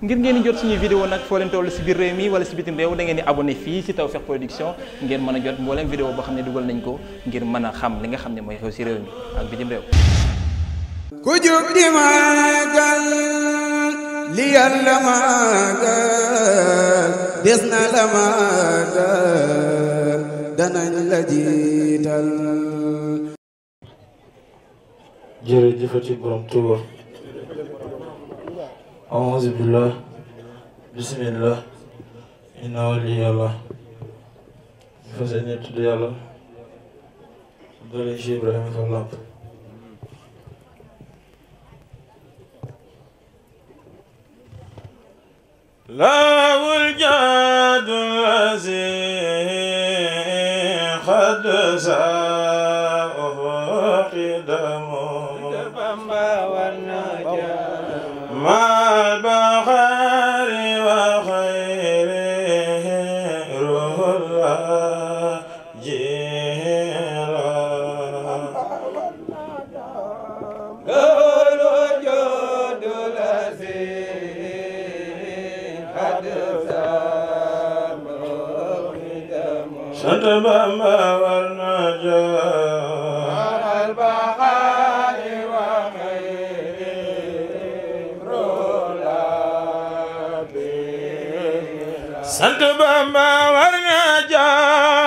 ngir ngeen jot suñuy vidéo nag foo leen si biir réew mi wala si bitim réew da ngeen di abonné fii si Tawfekh Production ngeen mën a jot mbooleem vidéo boo xam ne dugal nañ ko ngir mën a xam li nga xam ne mooy xew ak bitim réew ku jóg di maagal li yàlla na la maagal danañ la jiital jërëjëfati أعوذ بالله بسم الله إن ولي الله فسني تدي الله دولي شي إبراهيم فالله له الجاد الذي قد سأل sant Bamba war na jaar sant Bamba war na jaar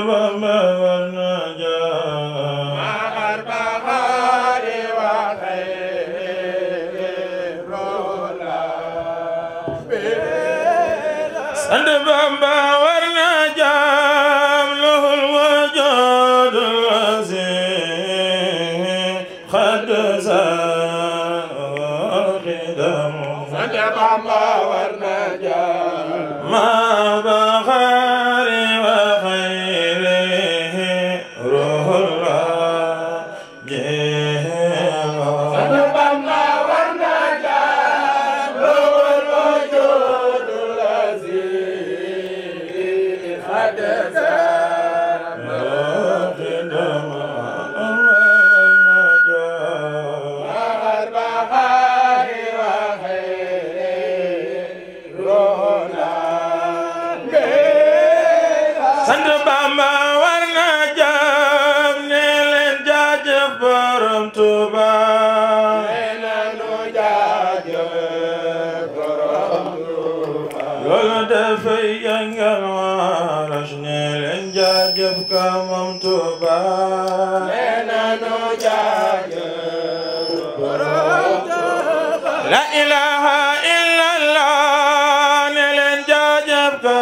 and Bamba jaajëf ka la ilaha illallah ne leen jaajëf ka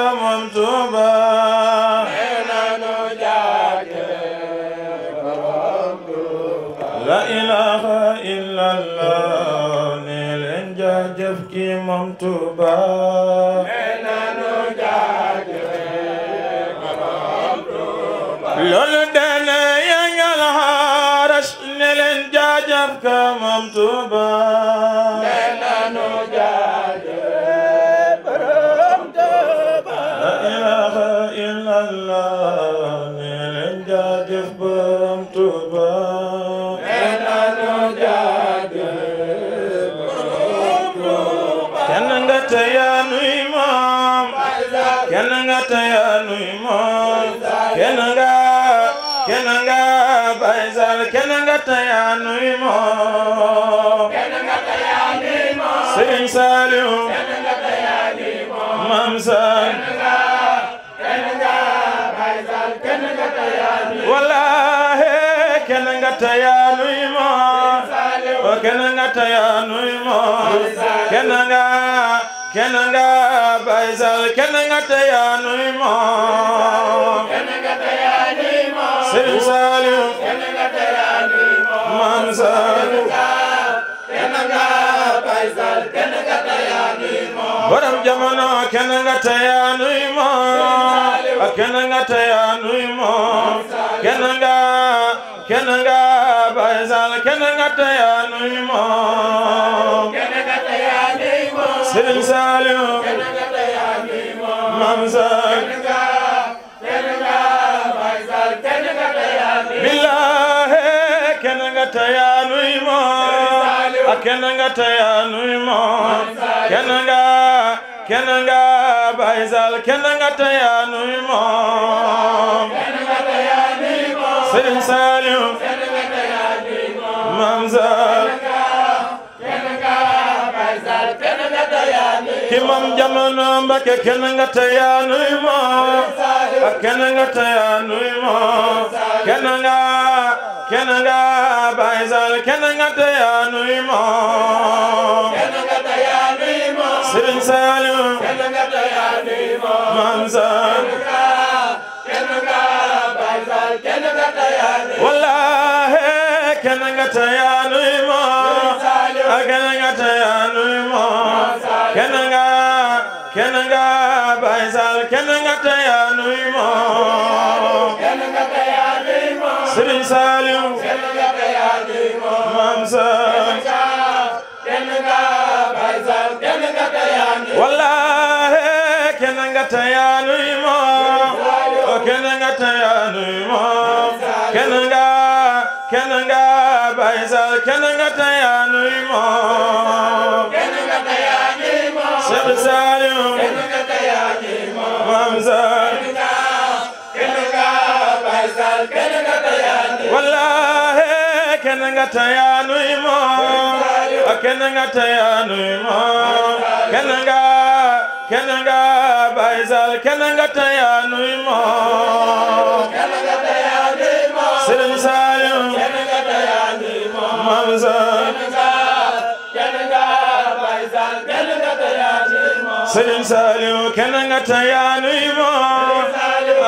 la ilaha illallah ne leen jaajëf ki loolu dana yangal xaaras ne leen jaajëf ka moom Tuuba ne nanu jaajëf borom Tuuba la ilaha illallah ne leen jaajëf borom Tuuba ne nanu jaajëf borom Tuuba kenn nga tayaanuy moom kenn nga tayaanuy moom ta kenn nga ta nuy moom borom jamono kenn nga taya nuy moom kenn nga taya nuy moom kenn nga kenn nga Baye Sall kenn nga taya nuy moom Serigne Saliou Mame Sall nga tayanuy moom a kenn nga tayanuy moom kenn nga kenn nga Baye Sall kenn nga tayanuy moom Serigne Saliou Mame Sall ki mam jamono Mbacke kenn nga tayanuy moom a kenn nga tayanuy moom kenn nga kenn nga Baay Sal kenn nga te yaa nuy moom kenn nga te yaa nuy moom Sëriñ Saliou kenn nga te yaa nuy moom Maam Sal kenn nga Baay Sal kenn nga te yaa nuy wallaahi kenn nga te yaa nuy moom kenn nga te yaa nuy moom kenn nga sëriñ kenn nga bay sal kenn kenn nga tayaani moom moom kenn nga kenn nga moom wallahi kenn nga tayaanuy moom kenn nga tayaanuy moom kenn nga kenn nga Baay Sal kenn nga tayaanuy moom Sëriñ Saliou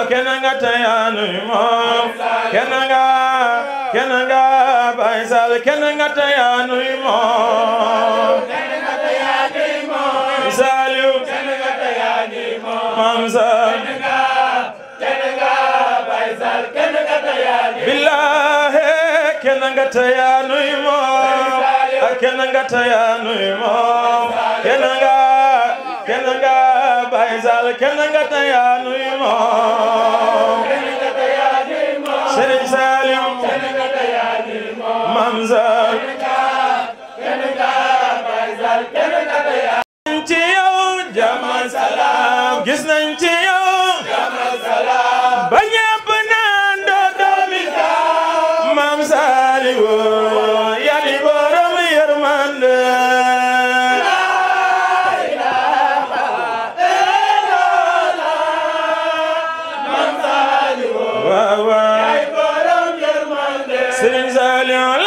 kenanga tayaanuy moom kenanga kenanga Baay Sall kenanga tayaanuy moom kenanga tayaanuy moom Saliw kenanga tayaanuy moom Maam Sall kenanga kenanga Baay Sall kenanga tayaanuy billaahi kenanga tayaanuy moom kenanga tayaanuy moom kenanga Baye Sall kenn nga taya nuy moom Serigne Saliou Mame Sall kenn nga Baye Sall kenn nga taya ci yow jàmm salaam gis nañ ci على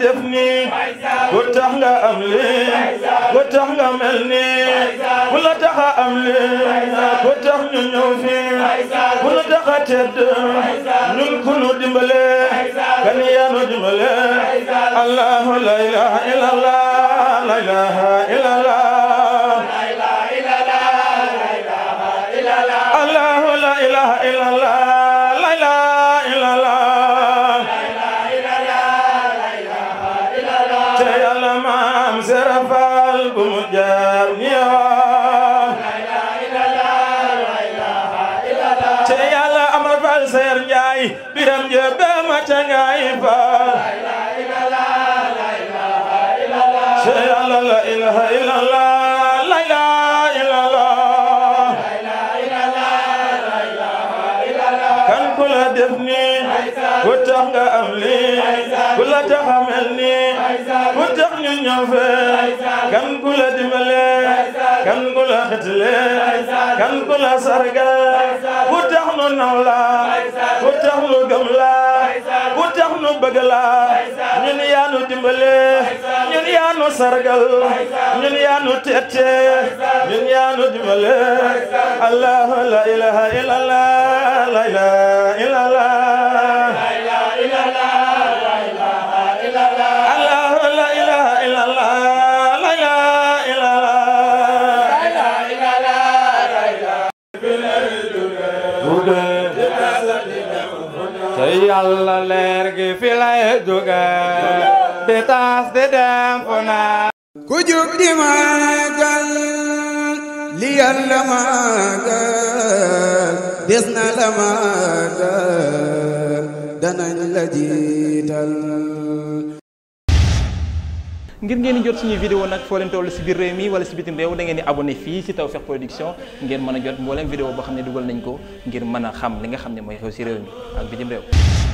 def ni tax nga am lii ba tax nga mel nii bu la tax a am lii ba tax ñu ñëw fii bu la tax a tedd ñun ku nu dimbale kan yaa nu dimbale allahu la ilaha illallah la ilaha illallah biram jebe ma cangaay faal la ilaha illallah la ilaha illallah ku tax nga am lii ku la tax a mel nii ku tax ñu ñëw fee kan ku la dimbalee kan ku la xetlee kan ku la sargal nu naw la ku tax nu gëm la ku tax nu bëgg la ñun nu dimbale ñun nu sargal ñun nu tette ñun yaa nu dimbale allah la ilaha illallah la te dànku naa. ku jub di màggal li yàlla màggal des na la màggal danañ la jiital. ngir ngeen jot suñuy vidéo nag foo leen toll si biir réew mi wala si bitim réew da ngeen di abonné fii si taw Tawfekh Production ngeen mën a jot mbooleem vidéo boo xam ne dugal nañ ko ngir mën a xam li nga xam ne mooy xew si réew mi ak bitim réew.